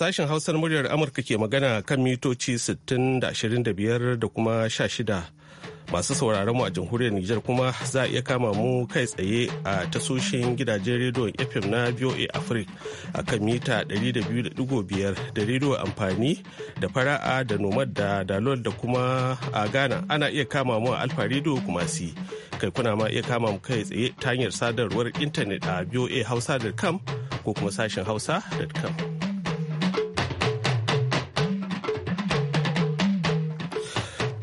Sashen Hausar muryar Amurka ke magana kan mitoci 60 da 25 da kuma 16. Masu sauraron mu a jamhuriyar Nijar kuma za a iya kama mu kai tsaye a tasoshin gidajen rediyon FM na VOA Africa a kan mita 200.5 da rediyo amfani da fara'a da nomad da dalol da kuma a Ghana ana iya kama mu a Alfa rediyo kuma si. kai kuna ma iya kama mu kai tsaye ta hanyar sadarwar intanet a hausa.com ko kuma sashen hausa.com.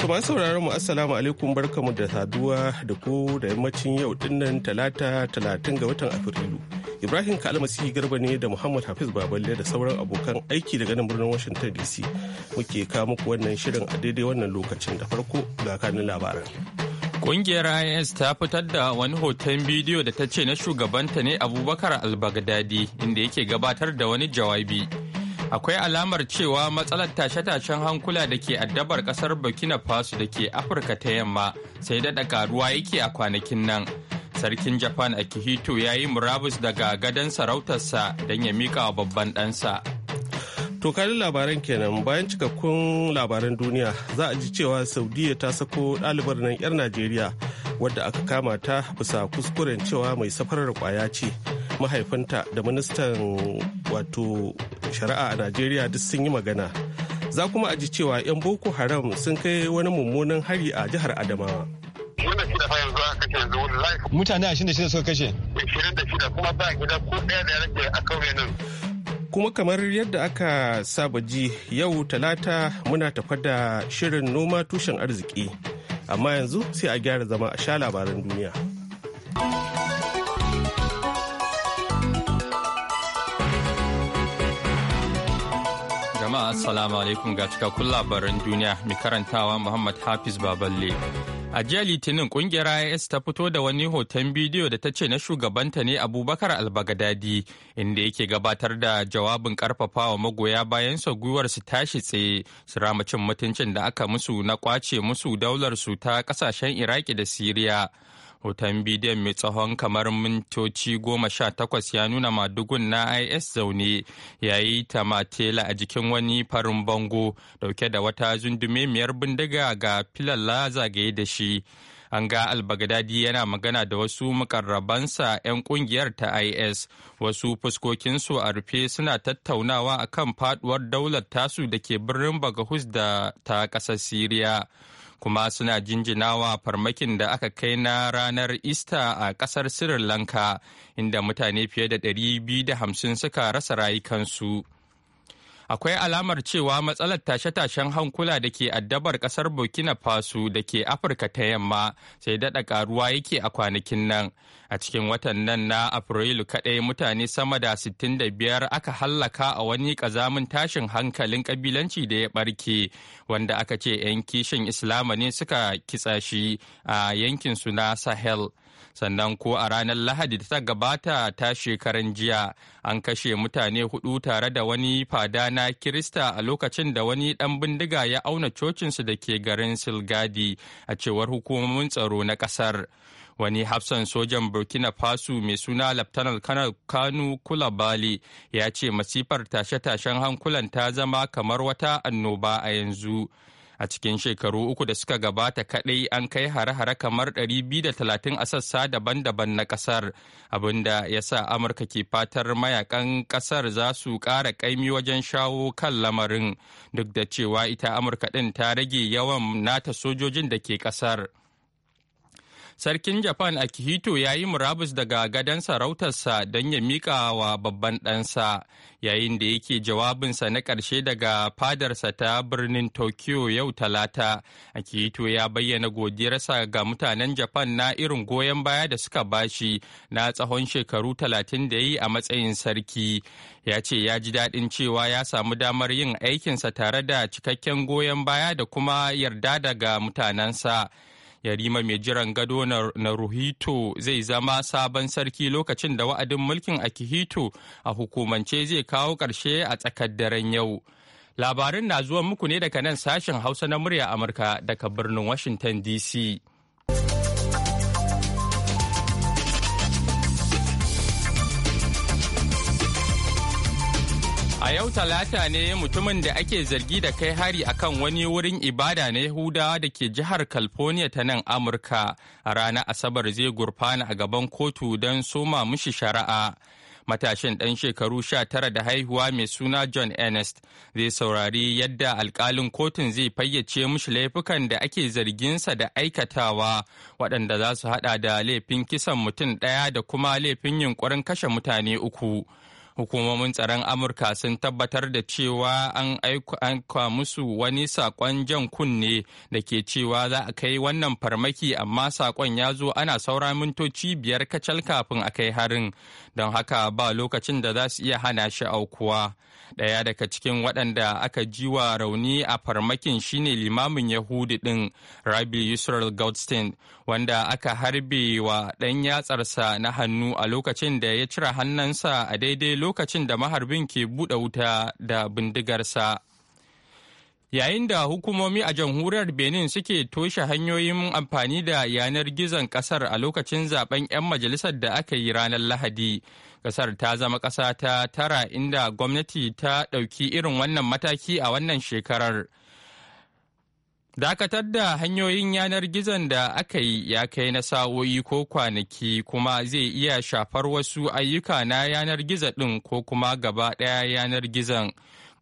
Kuma sauraron mu assalamu alaikum barkamu da saduwa da ku da yammacin yau dinnan talata talatin ga watan Afrilu. Ibrahim Kalmasi Garba ne da Muhammad Hafiz Baballe da sauran abokan aiki daga nan birnin Washington DC muke kawo muku wannan shirin a daidai wannan lokacin da farko ga kanin labaran. Kungiyar IS ta fitar da wani hoton bidiyo da ta ce na shugabanta ne Abubakar al inda yake gabatar da wani jawabi. akwai alamar cewa matsalar tashe-tashen hankula da ke addabar kasar burkina faso da ke afirka ta yamma sai daɗa karuwa yake a kwanakin nan sarkin japan akihito ya yi murabus daga gadon sarautarsa don ya miƙa wa babban ɗansa to labaran kenan bayan cikakkun labaran duniya za a ji cewa saudiya ta sako ɗalibar nan 'yar najeriya wadda aka kama ta bisa kuskuren cewa mai safarar kwaya ce mahaifinta da ministan wato shari'a a najeriya duk sun yi magana za kuma aji cewa 'yan boko haram sun kai wani mummunan hari a jihar adamawa mutane shida suka kashe kuma kuma kamar yadda aka saba ji yau talata muna tafa da shirin noma tushen arziki amma yanzu sai a gyara zama a sha labaran duniya. assalamu alaikum ga cikakkun labaran duniya mai karantawa Muhammad Hafiz Baballe. A jiya Litinin kungiyar IS ta fito da wani hoton bidiyo da ta ce na shugabanta ne Abubakar Albagadadi inda yake gabatar da jawabin wa magoya bayansa gwiwar su tashi tsaye su rama cin mutuncin da aka musu na kwace musu daular su ta kasashen Iraki da Siriya. hoton bidiyon mai tsawon kamar mintoci goma sha takwas ya nuna madugun na is zaune ya yi tamatela a jikin wani farin bango dauke da wata zundumemiyar bindiga ga filalla zagaye da shi an ga albagadadi yana magana da wasu mukarrabansa 'yan kungiyar ta is wasu fuskokinsu a rufe suna tattaunawa akan faduwar daular tasu da ke birnin bagahus da ta ƙasar siriya kuma suna jinjinawa farmakin da aka kai na ranar Easter a ƙasar Sri Lanka, inda mutane fiye da 250 suka rasa rayukansu. akwai alamar cewa matsalar tashe-tashen hankula da ke addabar kasar burkina faso da ke afirka ta yamma sai daɗa ƙaruwa yake a kwanakin nan a cikin watan nan na afrilu kaɗai mutane sama da 65 aka hallaka a wani ƙazamin tashin hankalin ƙabilanci da ya barke, wanda aka ce 'yan kishin islama ne suka kitsa shi a yankinsu na sahel sannan ko a ranar lahadi ta gabata ta shekaran jiya an kashe mutane hudu tare da wani fada na kirista a lokacin da wani dan bindiga ya auna cocinsu da ke garin silgadi a cewar hukumomin tsaro na kasar wani hafsan sojan burkina faso mai suna laftanar kanar kanu kulabali ya ce masifar tashe-tashen hankulan ta zama kamar wata annoba a yanzu a cikin shekaru uku da suka gabata kadai an kai hare-hare kamar 230 a sassa daban-daban na kasar abinda ya sa amurka ke fatar mayakan kasar za su ƙara ƙaimi wajen shawo kan lamarin duk da cewa ita amurka ɗin ta rage yawan nata sojojin da ke kasar. Sarkin Japan Akihito ya yi murabus daga gadon sarautarsa don ya miƙa wa babban ɗansa yayin da yake jawabinsa na ƙarshe daga fadarsa ta birnin Tokyo yau talata. Akihito ya bayyana godiyarsa ga mutanen Japan na irin goyon baya da suka bashi na tsawon shekaru talatin da yi a matsayin sarki. Ya ce ya ji daɗin cewa ya samu damar yin aikinsa tare da cikakken goyon baya da kuma yarda daga mutanensa. yarima mai jiran gado na ruhito zai zama sabon sarki lokacin da wa'adin mulkin akihito a hukumance zai kawo ƙarshe a tsakar daren yau labarin na zuwa muku ne daga nan sashen hausa na murya amurka daga birnin washington dc A yau talata ne mutumin da ake zargi da kai hari akan wani wurin ibada na Yahudawa da ke jihar California ta nan Amurka a ranar Asabar zai gurfana a gaban kotu don soma mushi shari'a. Matashin ɗan shekaru sha tara da haihuwa mai suna John Ernest zai saurari yadda alkalin kotun zai fayyace mushi laifukan da ake zarginsa da aikatawa waɗanda za su haɗa da laifin kisan mutum ɗaya da kuma laifin yunkurin kashe mutane uku. Hukumomin tsaron Amurka sun tabbatar da cewa an aika musu wani saƙon jan kunne da ke cewa za a kai wannan farmaki amma saƙon ya zo ana saura mintoci biyar kacal kafin a kai harin don haka ba lokacin da za su iya hana shi aukuwa. Ɗaya daga cikin waɗanda aka ji wa rauni a farmakin shine limamin Yahudi ɗin Rabi israel Goldstein wanda aka harbe wa ɗan yatsarsa na hannu a lokacin da ya cire hannunsa a daidai lokacin lokacin da maharbin ke buɗe wuta da bindigarsa. Yayin da hukumomi a jamhuriyar Benin suke toshe hanyoyin amfani da yanar gizon kasar a lokacin zaben 'yan majalisar da aka yi ranar Lahadi. Kasar ta zama ƙasa ta tara inda gwamnati ta ɗauki irin wannan mataki a wannan shekarar. Dakatar da hanyoyin yanar gizon da aka yi ya kai na sa'o'i ko kwanaki kuma zai iya shafar wasu ayyuka na yanar gizo ɗin ko kuma gaba ɗaya yanar gizon.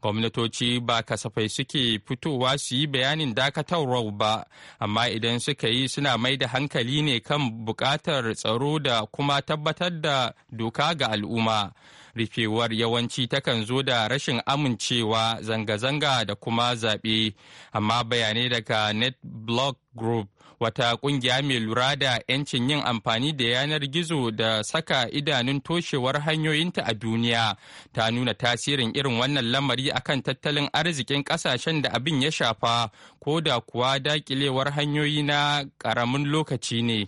Gwamnatoci ba kasafai suke fitowa su yi bayanin dakatarwar ba, amma idan suka yi suna mai da hankali ne kan bukatar tsaro da kuma tabbatar da doka ga al'umma. rufewar yawanci takan zo da rashin amincewa zanga-zanga da kuma zaɓe amma bayanai daga net block group wata ƙungiya mai lura da 'yancin yin amfani da yanar gizo da saka idanun toshewar hanyoyinta a duniya ta nuna tasirin irin wannan lamari akan tattalin arzikin ƙasashen da abin ya shafa ko da kuwa dakilewar hanyoyi na ƙaramin lokaci ne.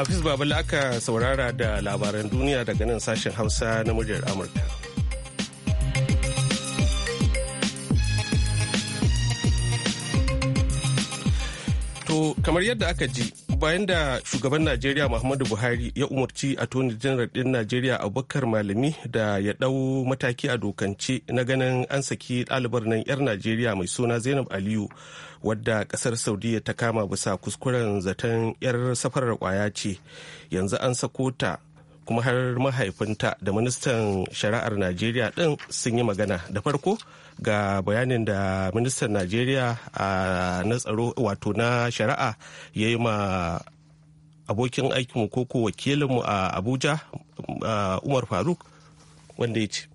Hafiz Babala aka saurara da labaran duniya daga nan sashen Hausa na muryar Amurka. To, kamar yadda aka ji, bayan da shugaban najeriya muhammadu buhari ya umarci attorney general din najeriya abubakar malami da ya ɗau mataki a dokance na ganin an saki ɗalibar nan 'yar najeriya mai suna zainab aliyu wadda ƙasar saudiya ta kama bisa kuskuren zaton 'yar safarar kwaya ce yanzu an sako ta kuma har mahaifinta da ministan shari'ar najeriya ɗin sun yi magana da farko ga bayanin da ministan najeriya na tsaro wato na shari'a ya yi ma abokin aikinmu koko wakilinmu a abuja umar faruk wanda ya ce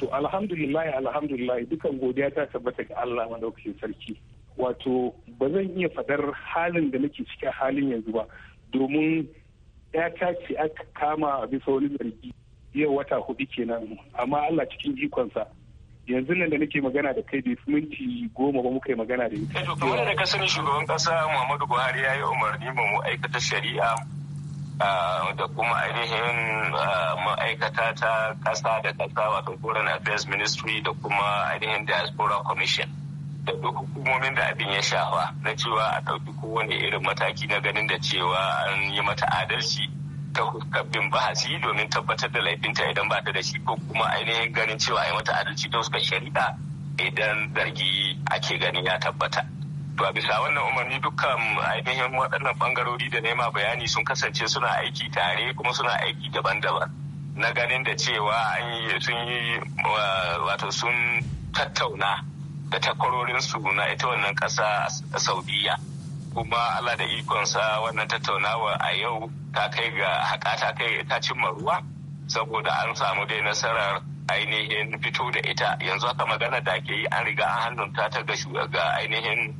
to alhamdulillah alhamdulillah dukan godiya ta tabbata ga Allah madaukakin sarki wato ba zan iya fadar halin da nake ciki halin yanzu ba domin ya ce aka kama a bisa wani zargi yau wata hudu kenan amma Allah cikin ikonsa yanzu nan da nake magana da kai bai fi minti goma ba muka yi magana da ita. to kamar da ka sani shugaban kasa Muhammadu Buhari ya yi umarni mu aikata shari'a da kuma ainihin ma'aikata ta kasa da kasa wato foreign affairs ministry da kuma ainihin diaspora commission da duk hukumomin da abin ya shafa na cewa a ɗauki kowane irin mataki na ganin da cewa an yi mata adalci ta bin bahasi domin tabbatar da laifinta idan ba ta da shi ko kuma ainihin ganin cewa ai mata adalci ta suka shari'a idan zargi ake gani ya tabbata. To a bisa wannan umarni dukkan ainihin waɗannan ɓangarori da nema bayani sun kasance suna aiki tare kuma suna aiki daban-daban. Na ganin da cewa an yi sun yi wato sun tattauna da takwarorinsu na ita wannan ƙasa Saudiya. kuma Allah da ikonsa wannan tattaunawa a yau ta kai ga haƙa ta kai ta cimma ruwa saboda an samu dai nasarar ainihin fito da ita yanzu haka magana da ke yi an riga an hannunta ta ga ga ainihin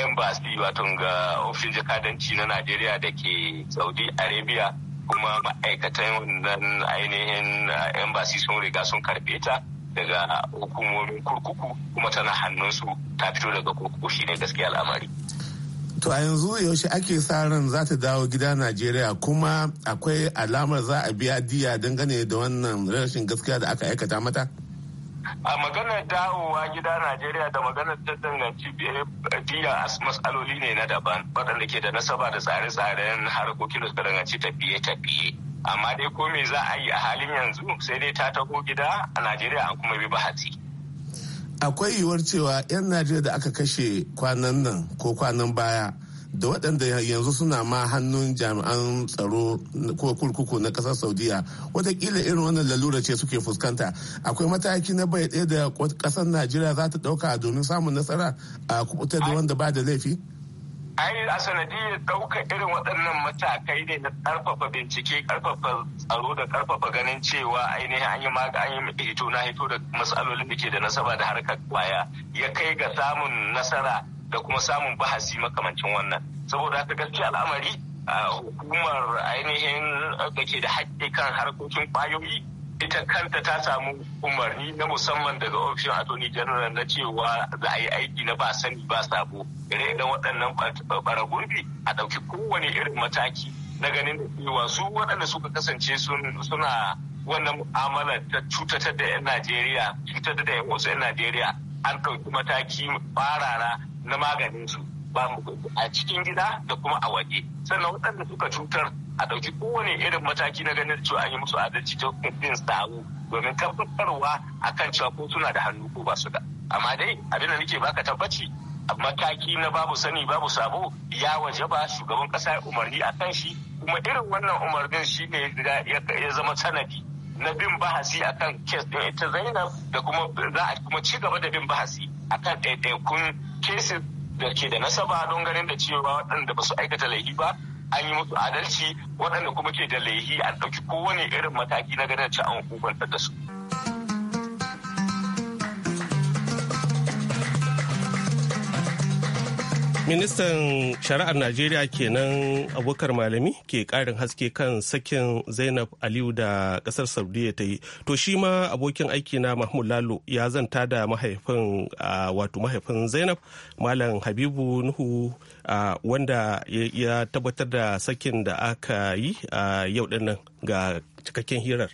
embassy wato ga ofishin jakadanci na Najeriya da ke Saudi Arabia kuma ma'aikatan wannan ainihin uh, embassy sun riga sun karɓe ta daga hukumomin kurkuku kuma tana hannunsu ta fito daga kurkuku shi ne gaskiya al'amari. To a yanzu yaushe ake sa ran za ta dawo gida Najeriya kuma akwai alamar za a biya diya dangane da wannan rashin gaskiya da aka aikata mata? A maganar dawowa gida Najeriya da maganar ta danganci diya matsaloli ne na daban waɗanda ke da nasaba da tsare-tsaren harkokin da danganci tafiye-tafiye. Amma dai ko me za a yi a halin yanzu sai dai ta taho gida a Najeriya an kuma bi bahati. akwai yiwuwar cewa 'yan najeriya da aka kashe kwanan nan ko kwanan baya da waɗanda yanzu suna ma hannun jami'an tsaro ko kurkuku na ƙasar saudiya watakila irin wannan lalura ce suke fuskanta akwai mataki na bai ɗaya da ƙasar najeriya za ta ɗauka domin samun nasara a kubutar da wanda ba da laifi ai a sanadiyar ɗauka irin waɗannan matakai ne na ƙarfafa bincike ƙarfafa tsaro da ƙarfafa ganin cewa ainihin an yi maga an yi hito na hito da matsalolin da ke da nasaba da harkar kwaya ya kai ga samun nasara da kuma samun bahasi makamancin wannan saboda haka gaskiya al'amari hukumar ainihin da ke da haƙƙi kan harkokin kwayoyi ita kanta ta samu umarni na musamman daga ofishin attorney general na cewa za a yi aiki na ba sani ba sabo ire da waɗannan baragurbi a ɗauki kowane irin mataki na ganin da cewa su waɗanda suka kasance suna wannan mu'amala ta cutatar da 'yan najeriya cutar da wasu 'yan najeriya an ɗauki mataki farara na maganin su ba a cikin gida da kuma a waje sannan waɗanda suka cutar a ɗauki kowane irin mataki na ganin cewa an yi musu adalci ta kudin tsaro domin tabbatarwa kan cewa ko suna da hannu ko ba su da amma dai abin da nake baka tabbaci mataki na babu sani babu sabo ya waje ba shugaban kasa umarni a kan shi kuma irin wannan umarnin shi ne ya zama sanadi na bin bahasi a kan kes ɗin ita zainab da kuma za a kuma ci gaba da bin bahasi a akan ɗaiɗaikun kesin da ke da nasaba don ganin da cewa waɗanda ba su aikata laifi ba an yi musu adalci waɗanda kuma ke da laihi an ɗauki kowane irin mataki na ganin ci an hukuntar da su. Ministan Shari'ar Najeriya kenan abokar malami ke karin haske kan sakin Zainab Aliyu da kasar Saudiya ta yi. To shi ma abokin aiki na Mahmud Lalo ya zanta da mahaifin wato mahaifin Zainab Malam Habibu Nuhu wanda ya tabbatar da sakin da aka yi yau dinnan ga cikakken hirar.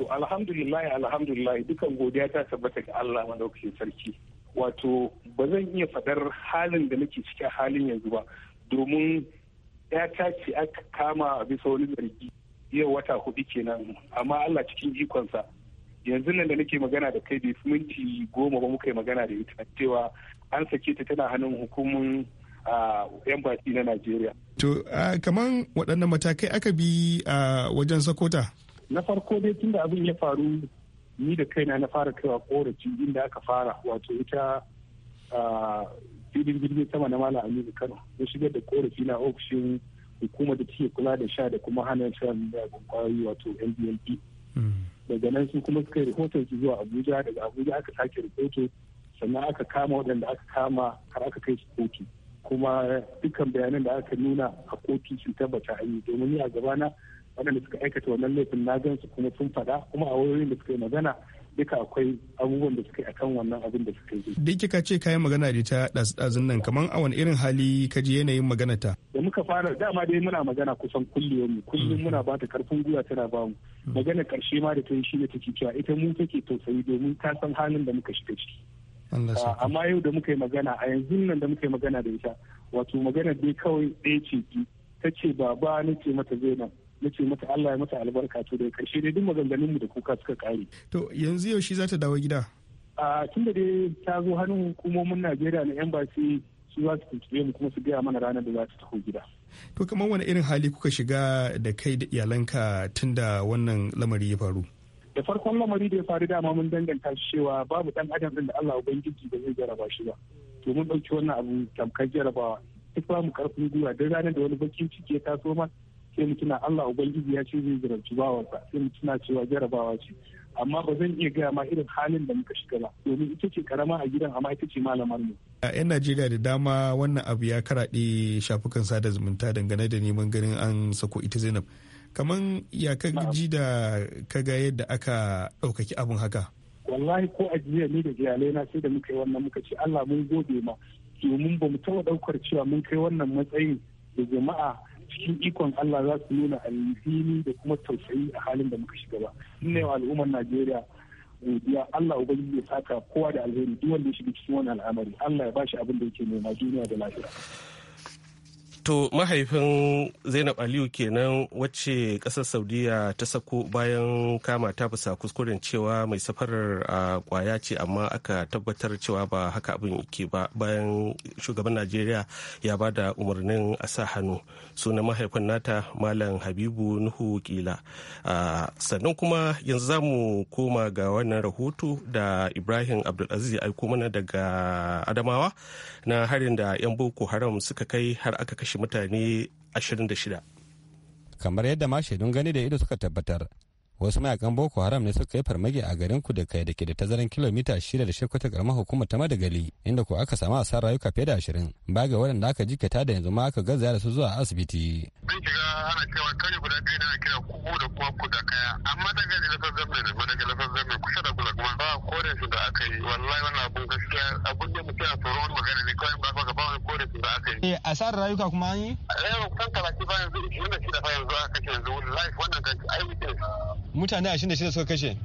To alhamdulillah alhamdulillah dukan godiya ta tabbata ga Allah sarki. wato ba zan iya faɗar halin da nake cikin halin yanzu ba domin ya ce aka kama a bisa wani zargi yau wata hudu kenan amma Allah cikin ikonsa yanzu nan da nake magana da kai bai minti goma ba muka yi magana da ita cewa an sake ta tana hannun hukumun yan baki na Najeriya. To kamar waɗannan matakai aka bi a wajen sakota? Na farko dai tun da abin ya faru ni da kaina na fara kaiwa korafi inda aka fara wato ita filin jirgin sama na malam aminu kano ya shigar da korafi na ofishin hukumar da take kula da sha da kuma hana shan miyagun kwayoyi wato ndlp hmm. daga nan su kuma suka yi rahoton su zuwa abuja daga abuja aka sake rahoto sannan aka kama waɗanda aka kama har aka kai su kotu kuma dukkan bayanan da aka nuna a kotu sun tabbata a yi domin ni a gabana waɗanda suka aikata wannan laifin na gan su kuma sun faɗa kuma a wayoyin da suka yi magana duka akwai abubuwan da suka yi akan wannan abin da suka yi. Da kika ce kayan magana da ta ɗazin nan kamar a wani irin hali ka ji yanayin magana ta. Da muka fara dama dai muna magana kusan kulliyarmu kullum mm. muna bata karfin gwiwa tana ba mu. Mm. Magana karshe ma da ta yi shi ne take cewa ita mu ke tausayi domin ta san halin da muka shiga ciki. Ah, amma yau da muka yi magana a yanzu nan da muka yi magana da ita wato magana dai kawai ɗaya ce ta ce baba na ce mata nan. nace mata Allah ya mata albarka to da karshe dai duk maganganun mu da kuka suka kare to yanzu yaushe za ta dawo gida a tun da dai ta zo hannun hukumomin Najeriya na embassy su za su tuntube mu kuma su gaya mana ranar da za su taho gida to kamar wani irin hali kuka shiga da kai da iyalanka tun da wannan lamari ya faru da farkon lamari da ya faru dama mun danganta shi cewa babu dan adam din da Allah ubangiji da zai jaraba shi ba to mun dauki wannan abu tamkar jarabawa duk ba mu karfin gwiwa duk ranar da wani bakin ciki ya taso ma sai mu tuna Allah ubangiji ya ce zai jarabci bawansa sai mu tuna cewa jarabawa ce amma ba zan iya gaya ma irin halin da muka shiga ba domin ita ce karama a gidan amma ita ce malamar mu a 'yan najeriya da dama wannan abu ya karaɗe shafukan sada zumunta dangane da neman ganin an sako ita zainab kamar ya ka ji da ka ga yadda aka ɗaukaki abin haka wallahi ko a jiya ni da iyalai na sai da muka yi wannan muka ce allah mun gode ma domin ba mu taɓa ɗaukar cewa mun kai wannan matsayin da jama'a cikin ikon Allah za su nuna alhini da kuma tausayi a halin da muka shiga ba ne wa al'ummar Najeriya godiya Allah ubangiji ya saka kowa da alheri duk wanda ya shiga cikin wannan al'amari Allah ya bashi abin da yake nema duniya da lafiya To mahaifin Zainab Aliyu kenan wacce ƙasar Saudiya ta sako bayan kama ta fusa kuskuren cewa mai safarar a kwaya ce amma aka tabbatar cewa ba haka abin ke ba bayan shugaban Najeriya ya ba da umarnin a sa hannu. Sunan mahaifin nata Malam Habibu Nuhu Kila. Sannan kuma yanzu za mu koma ga wannan rahoto da Ibrahim Abdulaziz ya aiko mana daga Adamawa na harin da 'yan Boko Haram suka kai har aka kashe kashe mutane 26 kamar yadda ma shaidun gani da ido suka tabbatar wasu mayakan boko haram ne suka yi farmaki a garin ku da kai da ke da tazaran kilomita shida da shekwata karamar hukumar ta madagali inda ko aka samu asarar rayuka fiye da ashirin ba ga waɗanda aka jikata da yanzu ma aka gaza da su zuwa asibiti. an shiga ana cewa tsara rayuka kuma an yi? talatin da shida da suka kashe?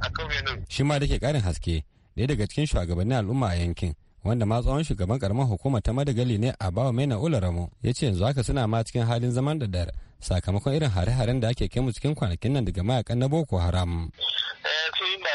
a kauye nan. Shi ma da ke ƙarin haske ɗaya daga cikin shugabannin al'umma a yankin. wanda ma tsohon shugaban karamar hukuma ta madagali ne a bawa ula ularamo ya ce yanzu haka suna ma cikin halin zaman da sakamakon irin hare-haren da ake kai mu cikin kwanakin nan daga mayakan na boko haram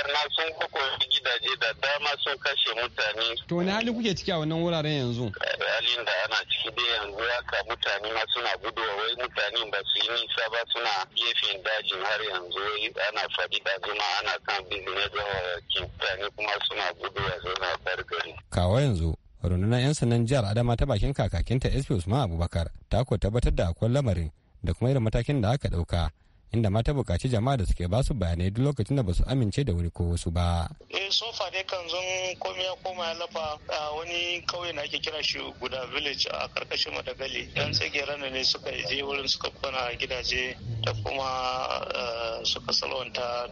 na sun kwakwace gidaje da dama sun kashe mutane. To hali kuke ciki a wannan wuraren yanzu? Eh, halin da ana ciki da yanzu haka mutane ma suna guduwa wai mutane ba su yi nisa ba suna gefen dajin har yanzu wai ana faɗi da zuma ana kan bizine da eh, mutane kuma suna guduwa suna gargari. Kawo yanzu rundunar 'yan sannan jihar adama ta bakin kakakinta sp usman abubakar ta ko tabbatar da akwai lamarin da kuma irin matakin da aka ɗauka inda ma ta buƙaci jama'a da suke basu bayanai duk lokacin da basu amince da wuri ko wasu ba. Eh sofa dai kan zon komai ya koma ya lafa a wani kauye na ake kira shi guda village a karkashin Madagali. Yan tsagera ne suka je wurin suka kwana gidaje da kuma suka salwanta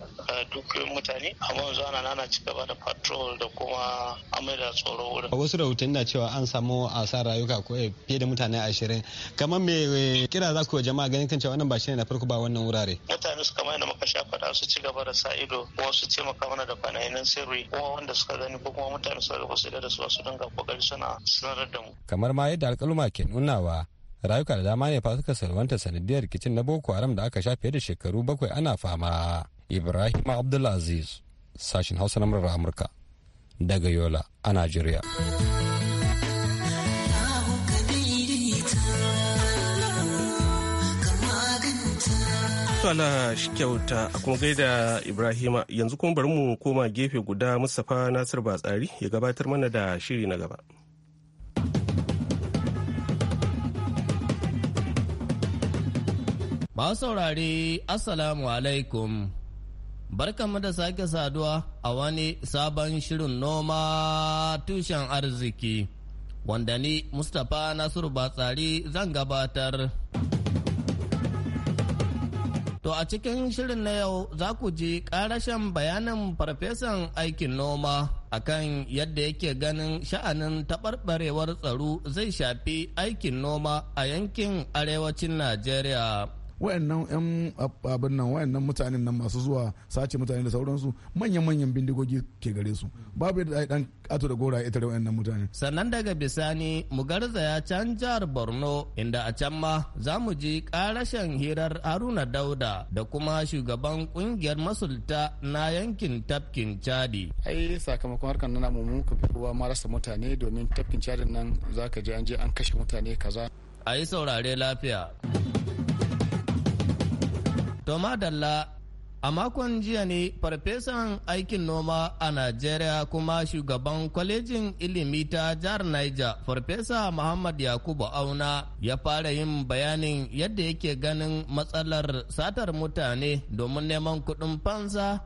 duk mutane amma yanzu ana nana ci gaba da patrol da kuma amai da tsoro wurin. Wasu rahotanni na cewa an samu asarar rayuka ko eh, fiye da mutane ashirin kamar me eh, kira za ku jama'a ganin kan cewa wannan ba shi ne na farko ba wannan wurare. kare mutane su kamar yadda muka sha faɗa su ci gaba da sa ido kuma su maka mana da kwanayen sirri kuma wanda suka gani ko kuma mutane suka gaba su da su su dinga kokari suna sanar da mu kamar ma yadda alƙaluma ke nunawa rayuka da dama ne fa suka salwanta sanadiyar rikicin na boko haram da aka sha fiye da shekaru bakwai ana fama ibrahim abdulaziz sashin hausa na murar amurka daga yola a najeriya Allah shi kyauta a kuma gaida Ibrahima yanzu kuma bari mu koma gefe guda Mustapha Nasir Batsari ya gabatar mana da shiri na gaba. Ba saurare Assalamu alaikum. Barkanmu da sake saduwa a wani sabon shirin noma tushen arziki wanda ni Mustapha Nasiru Batsari zan gabatar. To a cikin shirin na yau za ku ji ƙarashen bayanin farfesan aikin noma akan yadda yake ganin sha'anin taɓarɓarewar tsaro zai shafi aikin noma a yankin arewacin Najeriya. wayannan yan abin nan wayannan mutanen nan masu zuwa sace mutane da sauransu manyan manyan bindigogi ke gare su babu yadda dan ato da gora ita da wayannan mutane sannan daga bisani garza ya can jihar Borno inda a can ma za mu ji karashen hirar Haruna Dauda da kuma shugaban kungiyar masulta na yankin tafkin Chadi ai sakamakon harkar nan mu muka fi kowa ma rasa mutane domin tafkin Chadi nan zaka je an je an kashe mutane kaza a yi saurare lafiya To Dalla a makon jiya ne farfesan aikin noma a Najeriya kuma shugaban kwalejin ilimi ta jihar Niger farfesa Muhammad Yakubu Auna ya fara yin bayanin yadda yake ganin matsalar satar mutane domin neman kuɗin fansa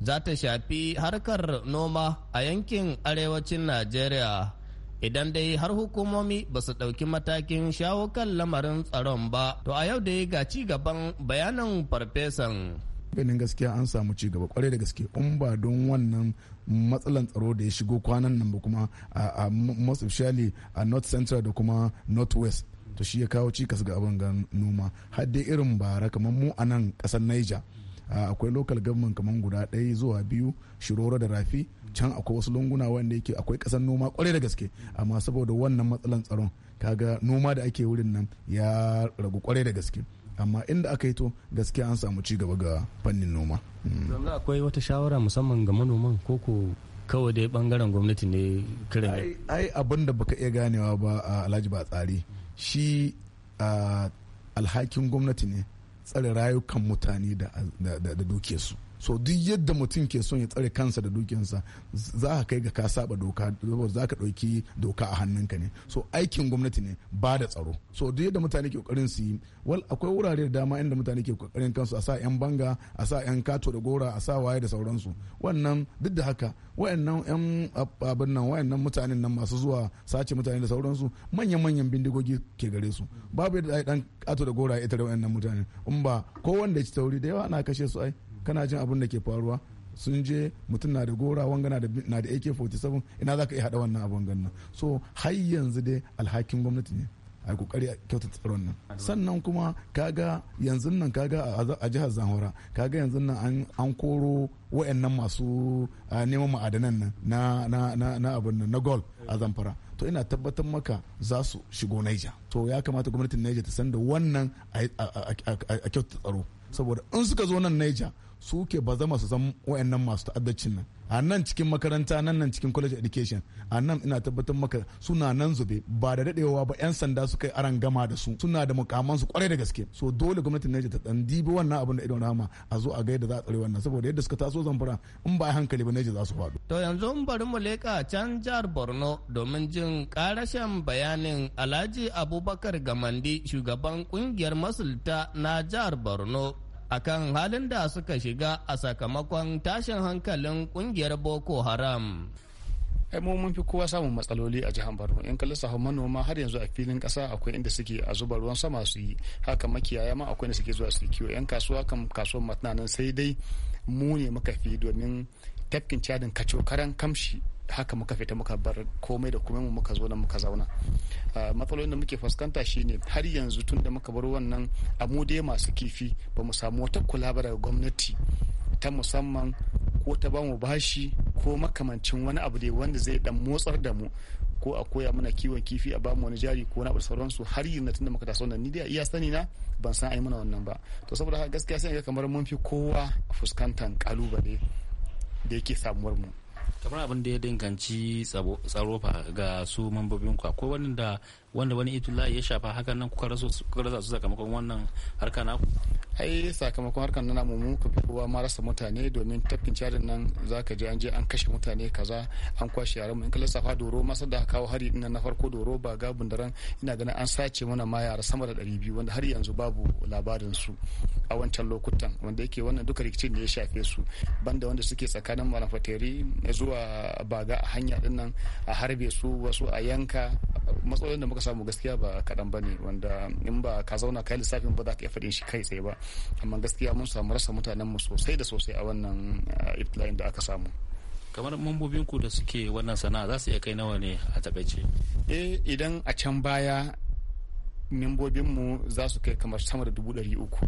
za ta shafi harkar noma a yankin arewacin Najeriya. idan dai har hukumomi ba su ɗauki matakin shawo kan lamarin tsaron ba to a yau dai ga ci gaban bayanan farfesan ganin gaskiya an samu ci gaba kwarai da gaske in ba don wannan matsalan tsaro da ya shigo kwanan nan ba kuma a most a north central da kuma north west to shi ya kawo cikas ga abin gan noma har dai irin bara kamar mu a nan kasar niger akwai local government kamar guda ɗaya zuwa biyu shiroro da rafi can akwai wasu lunguna wanda yake akwai ƙasar noma kwarai da gaske amma saboda wannan matsalan tsaron kaga noma da ake wurin nan ya ragu kwarai da gaske amma inda aka yi to gaske an samu ci gaba ga fannin noma. Mm. akwai wata shawara musamman ga manoman ko kawai dai bangaren gwamnati ne kiran ai abin da baka iya ganewa ba a alhaji ba tsari shi alhakin gwamnati ne tsare rayukan mutane da dukiyarsu so duk yadda mutum ke son ya tsare kansa da dukiyansa za ka kai ga ka saba doka za ka ɗauki doka a hannunka ne so aikin gwamnati ne ba da tsaro so duk yadda mutane ke kokarin su yi wal akwai wurare da dama inda mutane ke kokarin kansu a sa yan banga a sa yan kato da gora a sa waye da sauransu wannan duk da haka wayannan yan abin nan wayannan mutanen nan masu zuwa sace mutane da sauransu manyan manyan bindigogi ke gare su babu yadda dan kato da gora ita da wayannan mutane in ba ko wanda ya ci tauri da yawa ana kashe su ai kana jin abin da ke faruwa sun je mutum na da gora wanga na da ak-47 ina za ka iya hada wannan abin ganin so har yanzu dai alhakin gwamnati ne a yi kokari a kyautata tsaron nan sannan kuma kaga yanzu nan kaga a jihar zamfara kaga yanzu nan an koro nan masu neman ma'adanan nan na na abin nan na gol a zamfara to ina tabbatar maka za su shigo naija to ya kamata gwamnatin naija ta san da wannan a kyauta tsaro saboda in suka zo nan naija su ke ba zama su san wayannan masu ta'addacin nan a nan cikin makaranta nan nan cikin college education a nan ina tabbatar maka suna nan zube ba da dadewa ba yan sanda suka yi aran gama da su suna da mukaman su kwarai da gaske so dole gwamnatin Niger ta dan dibi wannan abin da idon rama a zo a ga yadda za a tsare wannan saboda yadda suka taso zamfara in ba hankali ba Niger za su faɗo to yanzu mun bari mu leka can jihar Borno domin jin karashin bayanin Alhaji Abubakar Gamandi shugaban kungiyar masulta na jihar Borno akan halin da suka shiga a sakamakon tashin hankalin kungiyar boko haram ai mu mun fi kowa samun matsaloli a jihar borno in ka manoma har yanzu a filin kasa akwai inda suke a zuba ruwan sama su yi haka makiyaya ma akwai inda suke zuwa su kiwo yan kasuwa kan kasuwar matana sai dai mu ne muka fi domin tafkin cadin kacokaran kamshi haka muka fita muka bar komai da komai mu muka zo nan muka zauna ah, matsalolin da muke fuskanta shine har yanzu tun da muka bar wannan amude dai masu kifi ba mu samu wata kula ba daga gwamnati ta musamman ko ta bamu bashi ko makamancin wani abu da wanda zai dan motsar da mu ko a koya mana kiwon kifi a bamu wani jari ko na abu sauransu har yanzu tun da muka taso nan ni dai iya sani na ban san ai mana wannan ba to saboda haka gaskiya sai ga kamar mun fi kowa fuskantan kalubale da yake samuwar mu kamar abin da ya danganci tsaro ga su mambobin ku wani wanda wani itullahi ya shafa hakan nan kuka rasa su sakamakon wannan harka naku ai sakamakon harkan nan mu mu ka kowa ma rasa mutane domin tafkin carin nan zaka je an je an kashe mutane kaza an kwashe yaran mu in ka lissafa doro ma da kawo hari din na farko doro ba gabun daren ina ganin an sace mana ma yara sama da 200 wanda har yanzu babu labarin su a wancan lokutan wanda yake wannan duka rikicin ne ya shafe su banda wanda suke tsakanin malafateri zuwa baga a hanya din nan a harbe su wasu a yanka matsalolin da muka samu gaskiya ba kaɗan ba ne wanda in ba ka zauna ka yi lissafin ba za ka iya faɗin shi kai tsaye ba amma gaskiya mun samu rasa mutanen mu sosai da sosai a wannan iftila'in eh, da aka samu kamar mambobin ku da suke wannan sana'a za su iya kai nawa ne a taɓaice eh idan a can baya mambobinmu mu za su kai kamar sama da dubu ɗari uku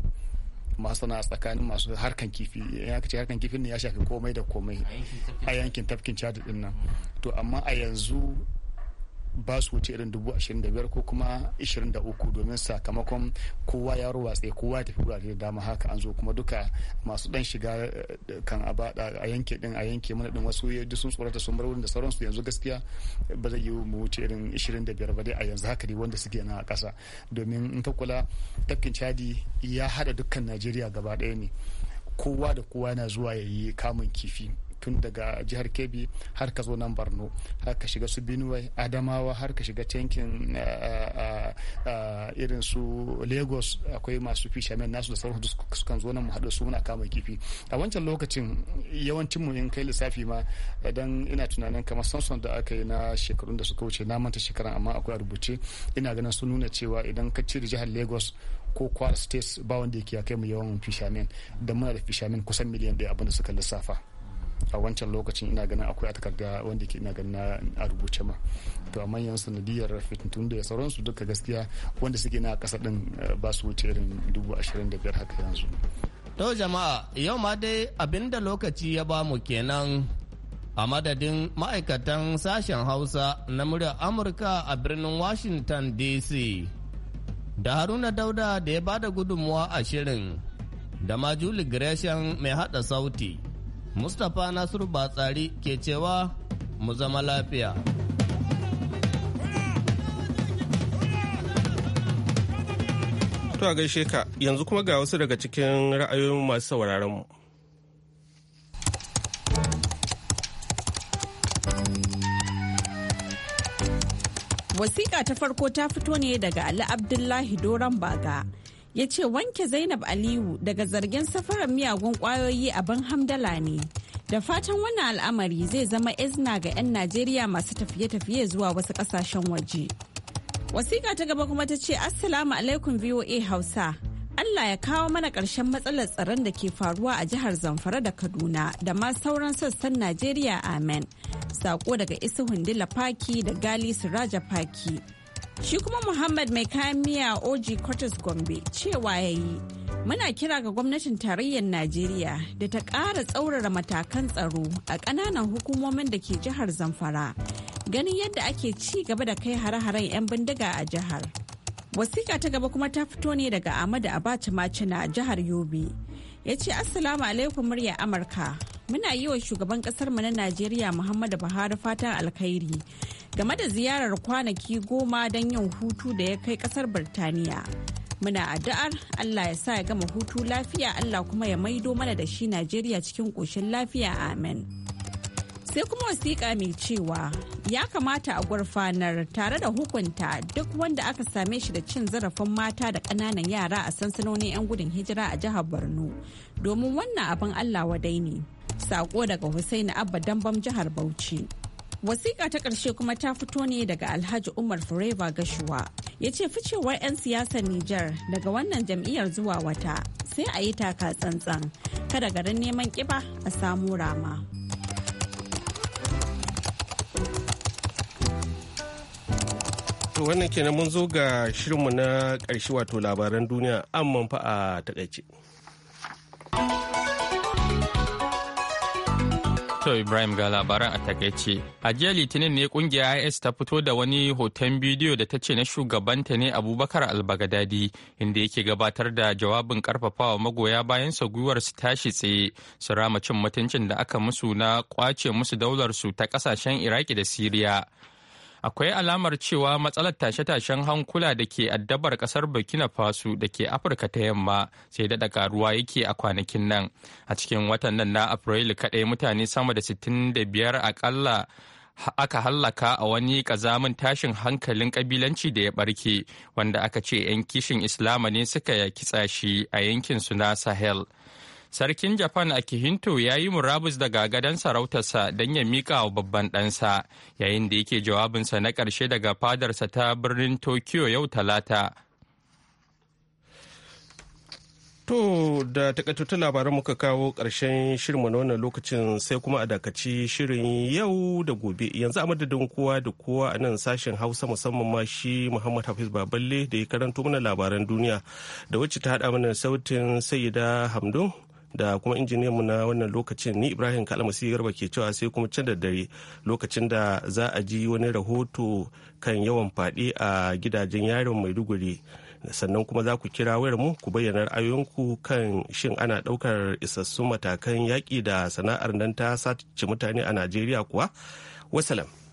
masu sana'a tsakanin masu harkan kifi ya ce harkan kifin ne ya shafi komai da komai a yankin tafkin chad din nan to amma a yanzu ba su wuce irin dubu ashirin da biyar ko kuma ashirin da uku domin sakamakon kowa ya ruwa tsaye kowa ya tafi wurare da dama haka an zo kuma duka masu dan shiga eh, kan a a yanke din a yanke mana din wasu ya sun tsorata sun bar wurin da sauransu yanzu gaskiya ba zai yi mu wuce irin ashirin da biyar ba dai a yanzu haka dai wanda suke na a ƙasa domin in ka kula tafkin chadi ya haɗa dukkan najeriya gaba ɗaya ne kowa da kowa yana zuwa ya yi kamun kifi tun daga jihar kebbi har ka zo nan barno har ka shiga su benue adamawa har ka shiga tankin eh, eh, eh, irin su lagos akwai masu fishermen nasu da sauran su kan zo nan mu haɗa su muna kama kifi a wancan lokacin yawancin mu in kai lissafi ma dan ina tunanin kamar sansan da aka yi na shekarun da suka wuce na manta shekaran amma akwai a rubuce ina ganin sun nuna cewa idan ka cire jihar lagos ko kwara states ba wanda ya kai mu yawan fishermen da muna da fishermen kusan miliyan ɗaya abinda suka lissafa a wancan lokacin ina ganin akwai a takarda wanda ke ina ganin a rubuce ma to amma yan sanadiyar fitintun da sauransu duka gaskiya wanda suke na kasa din eh, ba su wuce irin dubu ashirin da biyar haka yanzu to jama'a yau ma dai abinda lokaci ya ba mu kenan a madadin ma'aikatan sashen hausa na muryar amurka a birnin washington dc da haruna dauda da ya ba da gudunmuwa a shirin da ma julie gresham mai hada sauti Mustapha Nasiru Batsari ke cewa mu zama lafiya. To a gaishe ka yanzu kuma ga wasu daga cikin ra'ayoyin masu sauraron mu. Wasiƙa ta farko ta fito ne daga Ali Abdullahi Doran Baga. ya ce wanke zainab aliyu daga zargin safarar miyagun kwayoyi a ban hamdala ne da fatan wannan al'amari zai zama izna ga 'yan najeriya masu tafiye-tafiye zuwa wasu kasashen waje wasiƙa ta gaba kuma ta ce assalamu alaikum voa hausa allah ya kawo mana ƙarshen matsalar tsaron da ke faruwa a jihar zamfara da kaduna da ma sauran sassan najeriya amen sako daga isu hundila paki da gali siraja paki. Shi kuma Muhammad mai kayan miya Oji Curtis Gombe cewa ya yi, muna kira ga gwamnatin tarayyar Najeriya da ta ƙara tsaurara matakan tsaro a ƙananan hukumomin da ke jihar Zamfara, ganin yadda ake ci gaba da kai hare-haren 'yan bindiga a jihar. Wasiƙa ta gaba kuma ta fito ne daga Amadu Abacha Macina a jihar Yobe. Ya ce Assalamu alaikum murya Amurka. muna yi wa shugaban kasar mu na Najeriya Muhammadu Buhari fatan alkhairi game da ziyarar kwanaki goma don yin hutu da ya kai kasar Birtaniya. Muna addu'ar Allah ya sa ya gama hutu lafiya Allah kuma ya maido mana da shi Najeriya cikin koshin lafiya amen. sai kuma wasiƙa mai cewa ya kamata a gurfanar tare da hukunta duk wanda aka same shi da cin zarafin mata da ƙananan yara a sansanonin 'yan gudun hijira a jihar borno domin wannan abin allah wadai ne Sako daga Hussaini Abba Dambam jihar Bauchi. Wasiƙa ta ƙarshe kuma ta fito ne daga Alhaji Umar fureva Gashuwa. Ya ce ficewar 'yan siyasar Nijar daga wannan jam'iyyar zuwa wata sai a yi taka tsantsan. Kada garin neman ƙiba a samu rama. Wannan kenan mun zo ga shirinmu na ƙarshe wato labaran duniya amman fa a takaice. Dr. Ibrahim ga labaran a takaice. A jiya Litinin ne kungiyar IS ta fito da wani hoton bidiyo da ta ce na shugabanta ne Abubakar Albagadadi inda yake gabatar da jawabin karfafawa magoya bayan sa gwiwar su tashi tsaye su rama cin mutuncin da aka musu na kwace musu daular su ta kasashen Iraki da Siriya. akwai alamar cewa matsalar tashe-tashen hankula da ke addabar kasar burkina faso da ke afirka ta yamma sai daɗa karuwa yake a kwanakin nan a cikin watan nan na afrilu kaɗai mutane sama da 65 akalla aka hallaka a wani ƙazamin tashin hankalin ƙabilanci da ya barke wanda aka ce 'yan kishin islama ne suka kitsa shi a yankin su na sahel Sarkin Japan a kihinto ya yi murabus daga gadon sarautarsa don ya miƙa wa babban ɗansa yayin da yake jawabinsa na ƙarshe daga fadarsa ta birnin Tokyo yau talata. To da takaitattu labaran muka kawo ƙarshen shirinmu na wannan lokacin sai kuma a dakaci shirin yau da gobe yanzu a madadin kowa da kowa a nan sashen hausa musamman ma shi Muhammad Hafiz Baballe da ya karanto mana labaran duniya da wacce ta haɗa mana sautin Sayyida Hamdun da kuma injiniyan mu na wannan lokacin ni Ibrahim Kalmasi Garba ke cewa sai kuma can da dare lokacin da za a ji wani rahoto kan yawan fadi a gidajen yarin Maiduguri. sannan kuma za ku kira wayar mu ku bayyana ra'ayoyinku kan shin ana ɗaukar isassun matakan yaki da sana'ar nan ta sace mutane a najeriya kuwa wasalam